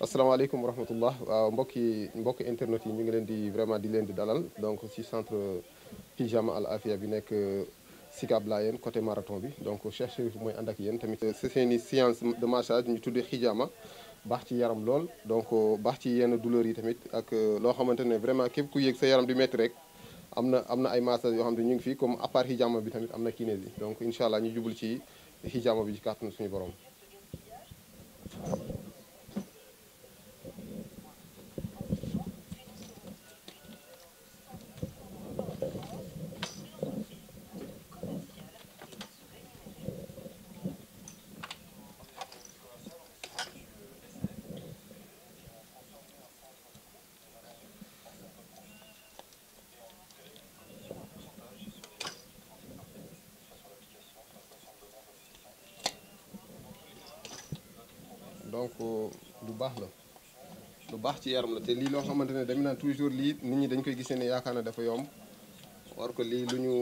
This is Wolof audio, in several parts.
asalaamaaleykum wa rahmatullah waaw mbokki mbokki internet yi ñu ngi leen di vraiment di leen di dalal donc ci centre pyjama al afia bi nekk Sicap Layène côté marathon bi donc cherche mooy ànd ak yéen tamit c'est seeni séance de massage ñu tuddee xijama baax ci yaram lool donc baax ci yenn douleurs yi tamit ak loo xamante ne vraiment képp ku yéeg sa yaram di métti rek am na am na ay masters yoo xam ne ñu ngi fii comme à part bi tamit am na kinési donc incha allah ñu jublu ci hijama bi ci kàttanu suñu borom. donc lu bax la lu baax ci yaram la te lii loo xamante ne dañu naan toujours lii nit ñi dañ koy gisee ne yaakaar na dafa yomb war ko lii lu ñu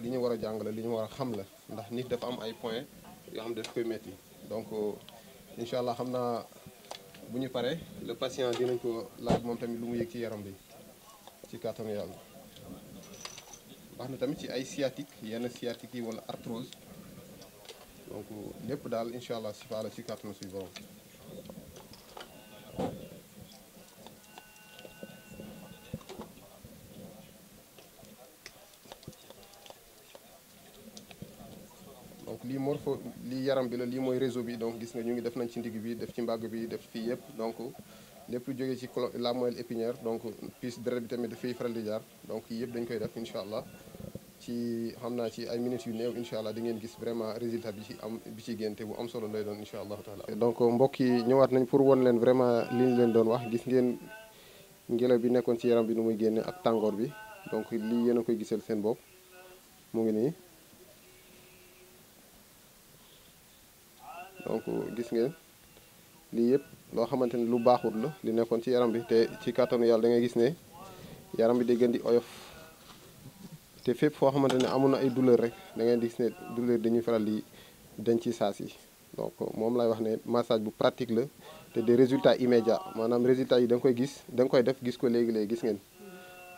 li ñu war a jàng la li ñu war a xam la ndax nit dafa am ay point yoo xam daf koy metti donc incha allah xam naa bu ñu paree le patient dinañ ko laaj moom tamit lu mu yëg ci yaram bi ci kàttanu yàlla baax na tamit ci ay sciatique yenn sciatique yi wala arthrose donc lépp daal incha allah si faala ci kàttanu suñu borom yaram bi la lii mooy réseau bi donc gis nga ñu ngi def nañ ci ndigg bi def ci mbàgg bi def fii yëpp donc lépp lu jógee ci la moelle épinière donc puis deret bi tamit dafay faral di jaar donc yii yëpp dañ koy def incha allah ci xam naa ci ay minutes yu néew incha allah di ngeen gis vraiment résultat bi ci am bi ci génte bu am solo lay doon incha allahu taala donc mbokk yi ñëwaat nañ pour won leen vraiment li leen doon wax gis ngeen ngelaw bi nekkoon ci yaram bi nu muy génne ak tàngoor bi donc lii yéen a koy gisal seen bopp mu ngi nii donc gis ngeen lii yëpp loo xamante ni lu baaxut la li nekkoon ci yaram bi te ci kàttanu yàlla da ngay gis ne yaram bi day gën di oyof te fépp foo xamante ne amoon na ay douleur rek da ngay gis ne douleur dañuy faral di dañ ci saas yi donc moom lay wax ne massage bu pratique la te des résultats immédiat maanaam résultats yi da koy gis da koy def gis ko léegi-léegi gis ngeen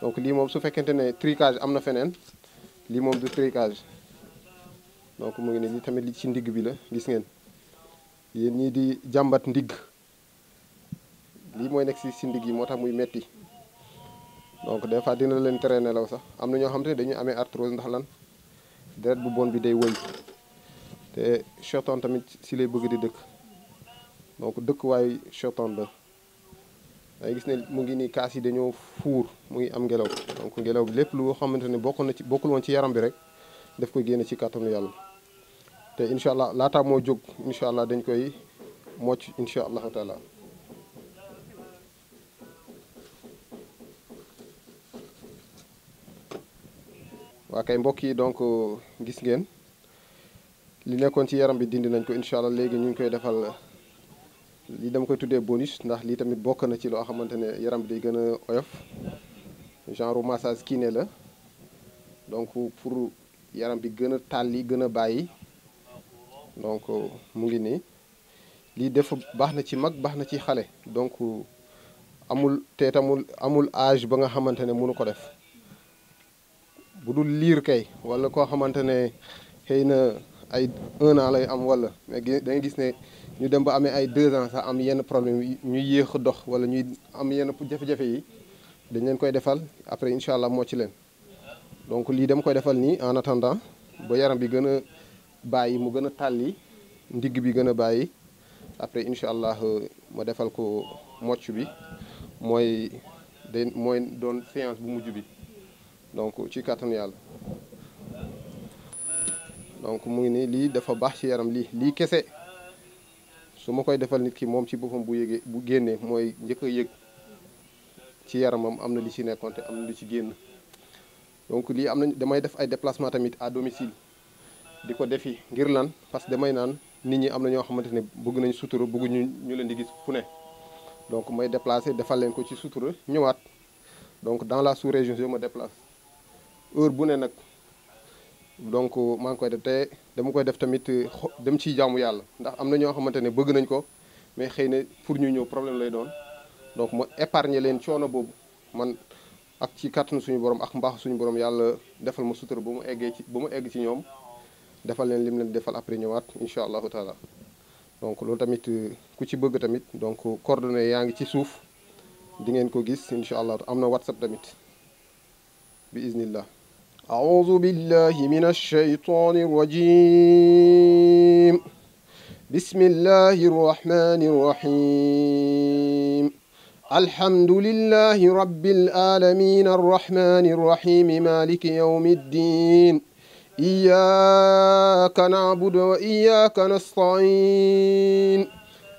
donc lii moom su fekkente ne tricage am na feneen lii moom du tricage donc mu ngi ne lii tamit li ci ndigg bi la gis ngeen Yeni di jambat ndig li moy nek ci sindig yi motax muy metti donc des fois dina len traîner law sax amna ño ñoo dañuy amé arthrose ndax lan deret bu bon bi day woy té chaton tamit si lay bëgg di dëkk donc way chaton da ay gis ne mu ngi ni kaas yi dañoo fuur mu ngi am ngelaw donc ngelaw bi lépp lu xamanteni ne na ci bokkul won ci yaram bi rek daf ko génne ci kàttanu yalla te incha allah laataa moo jóg incha allah dañ koy mocc incha allahu taala waa kay mbokk yi donc gis ngeen li nekkoon ci yaram bi dindi nañ ko incha allah léegi ñu ngi koy defal li dama koy tuddee bonus ndax lii tamit bokk na ci loo xamante ne yaram bi day gën a oyof genre massage ne la donc pour yaram bi gën a li gën a bàyyi donc euh, mu ngi nii lii def baax na ci mag baax na ci xale donc amul te tamul amul âge ba nga xamante ne mënu ko def bu dul liir kay wala koo xamante ne xëy na ay un an lay am wala mais da ngay gis ne ñu dem ba amee ay deux ans sax am yenn problème ñuy yéex a dox wala ñuy am yenn jafe-jafe yi dañ leen koy defal après incha allah moo ci leen donc lii dem koy defal nii en attendant ba yaram bi gën bàyyi mu gën a tàlli ndigg bi gën a bàyyi après incha allah ma defal ko mocc bi mooy day mooy doon séance bu mujj bi donc ci kàttanu yàlla donc mu ngi ni lii dafa baax ci yaram lii lii kese su ma koy defal nit ki moom ci boppam bu yëgee bu génnee mooy njëkk a yëg ci yaramam am na li ci nekkoon te am na li ci génn donc lii am nañ damay def ay déplacement tamit à domicile di ko def defi ngir lan parce que damay naan nit ñi am na ñoo xamante ne bëgg nañ sutura bëggu ñu ñu leen di gis fu ne donc may déplacé defal leen ko ci sutura ñëwaat donc dans la sous-région je me déplace heure bu ne nag donc maa ngi koy def te dama koy def tamit dem ci jaamu yàlla ndax am na ñoo xamante ne bëgg nañ ko mais xëy ne pour ñu ñëw problème lay doon donc ma épargner leen coono boobu man ak ci kàttanu suñu borom ak mbaax suñu borom yàlla defal ma sutura ba mu eggee ci ba mu egg ci ñoom defal len lim len defal après ñëwaat incha allahu taala donc lool tamit ku ci bëgg tamit donc coordonnées yaangi ci souf di ngeen ko gis inshallah amna whatsapp tamit bi iznillah a'udhu billahi minash الشيطان rajim بسم الله الرحمن الرحيم الحمد لله رب العالمين الرحمن الرحيم مالك يوم الدين إياك نعبد وإياك نستعين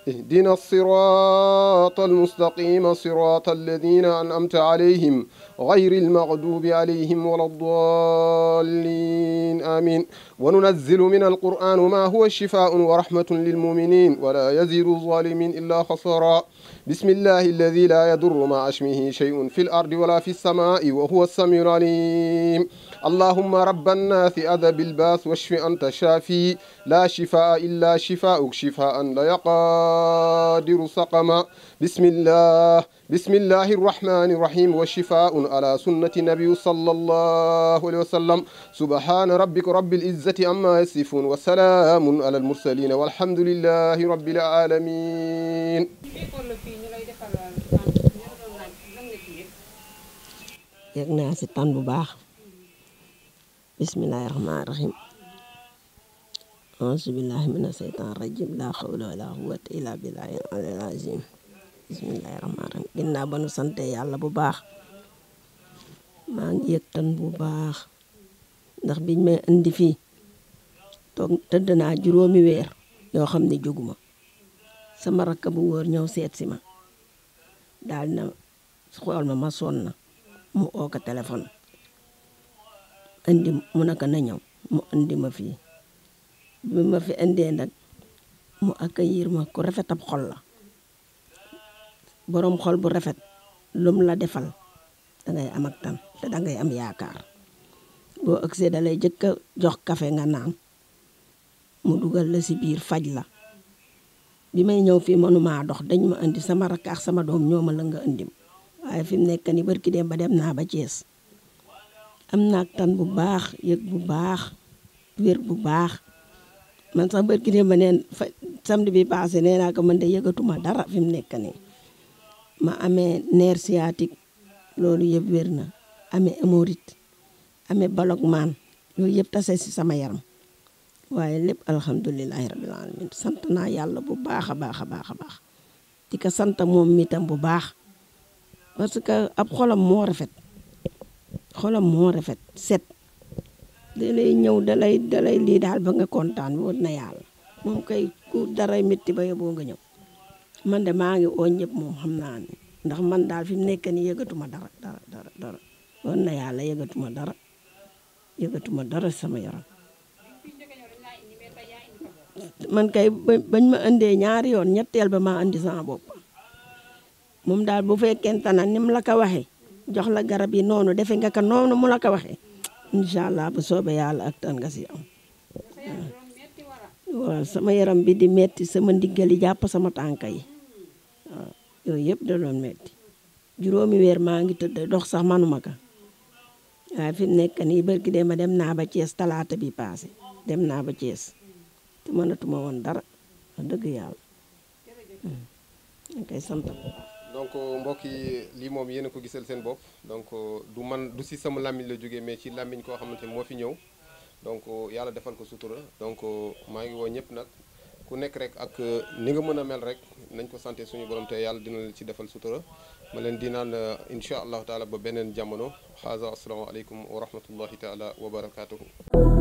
اهدنا الصراط المستقيم صراط الذين أنعمت عليهم غير المغضوب عليهم ولا الضالين آمين وننزل من القرآن ما هو شفاء ورحمة للمؤمنين ولا يزيد الظالمين إلا خسارا بسم الله الذي لا يضر مع اسمه شيء في الأرض ولا في السماء وهو السميع العليم اللهم رب الناس أذب الباس واشف أنت شافي لا شفاء إلا شفاءك شفاء لا يقادر سقما بسم الله بسم الله الرحمن الرحيم وشفاء على سنة النبي صلى الله عليه وسلم سبحان ربك رب العزة أما يصفون وسلام على المرسلين والحمد لله رب العالمين يقنع ستان بباخ بسم الله الرحمن الرحيم أعوذ بالله من الشيطان الرجيم لا حول ولا قوة إلا بالله العلي العظيم بسم الله الرحمن الرحيم قلنا بنو سنتي يالله بباخ maa ngi tan bu baax ndax biñ may indi fii toog tëdd naa juróomi weer yoo xam ne jóguma sama rakka bu wóor ñëw seet si ma daal na xool ma ma son na mu oo ko téléphone indi mu naka na ñëw mu indi ma fii bi ma fi indee nag mu accueillir ma ku rafet ab xol la borom xol bu rafet lum la defal ngay am ak tan te da ngay am yaakaar boo agsee da jëkk a jox kafe nga naan mu dugal la si biir faj la bi may ñëw fii mënumaa dox dañ ma indi sama rakkaax sama doom ñoo ma la nga indim waaye fi mu nekk ni barki dem ba dem naa ba Cees am naa tan bu baax yëg bu baax wér bu baax man sax barki dem ba neen fa samedi bi passé nee naa ko man de yëgatuma dara fi mu nekk ni ma amee nerf sciatique loolu yëpp wér na amee amé amee man yo yëpp tassé ci sama yaram waaye lépp alhamdulilahi rabbil alamin sant naa yàlla bu baakha a baakha a baax a baax di ko sant moom mi bu baax parce que ab xolam mo rafet xolam mo rafet set dalay ñew dalay dalay li dal ba nga contane wo na yalla mom kay ku dara metti ba yobo nga ñew man de maa ngi oo ñëpp moom xam ndax man dal fi nekk ni yëgatuma dara dara dara dara woon na yàlla yëgatuma dara yëgatuma dara sama yaram man kay bañ ma nyari ñaari yoon alba ba maa indi sama bopp mum daal bu fekkente ne ni mu la ka waxee jox la garab yi noonu defe nga ko noonu mu la ko waxee incha allah bu soobee yàlla ak tan nga si am waaw sama yaram bi di metti sama ndiggali jàpp sama tànk yi waaw da doon metti juróomi weer maa ngi tëdd dox sax manuma ka waaye fi nekk nii barki de ma dem naa ba Thiès talaata bi paase dem naa ba Thiès te mënatuma woon dara wax dëgg yàlla dañ hmm. koy sant donc mbokk yi lii moom yéen a ko gisal seen bopp donc du man du si sama làmmiñ la jógee mais ci làmmiñ koo xam na xamante moo fi ñëw donc yàlla defal ko sutura donc maa ngi woo ñëpp nag ku nekk rek ak euh, ni nga mën a mel rek nañ ko sante suñu borom te yàlla dina leen ci defal sutura ma leen di naan euh, incha allahu taala ba beneen jamono xaaza asalaamaaleykum wa rahmatullahi taala wa barakaatuhu